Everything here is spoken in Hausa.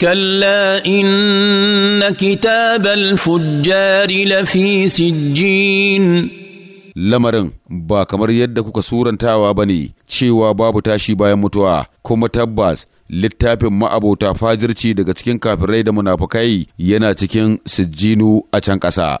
كلا ان كتاب الفجار لفي سجين lamarin ba kamar yadda kuka surantawa ba ne cewa babu tashi bayan mutuwa kuma tabbas littafin ma'abota fajirci daga cikin kafirai da munafukai yana cikin sijjinu a can ƙasa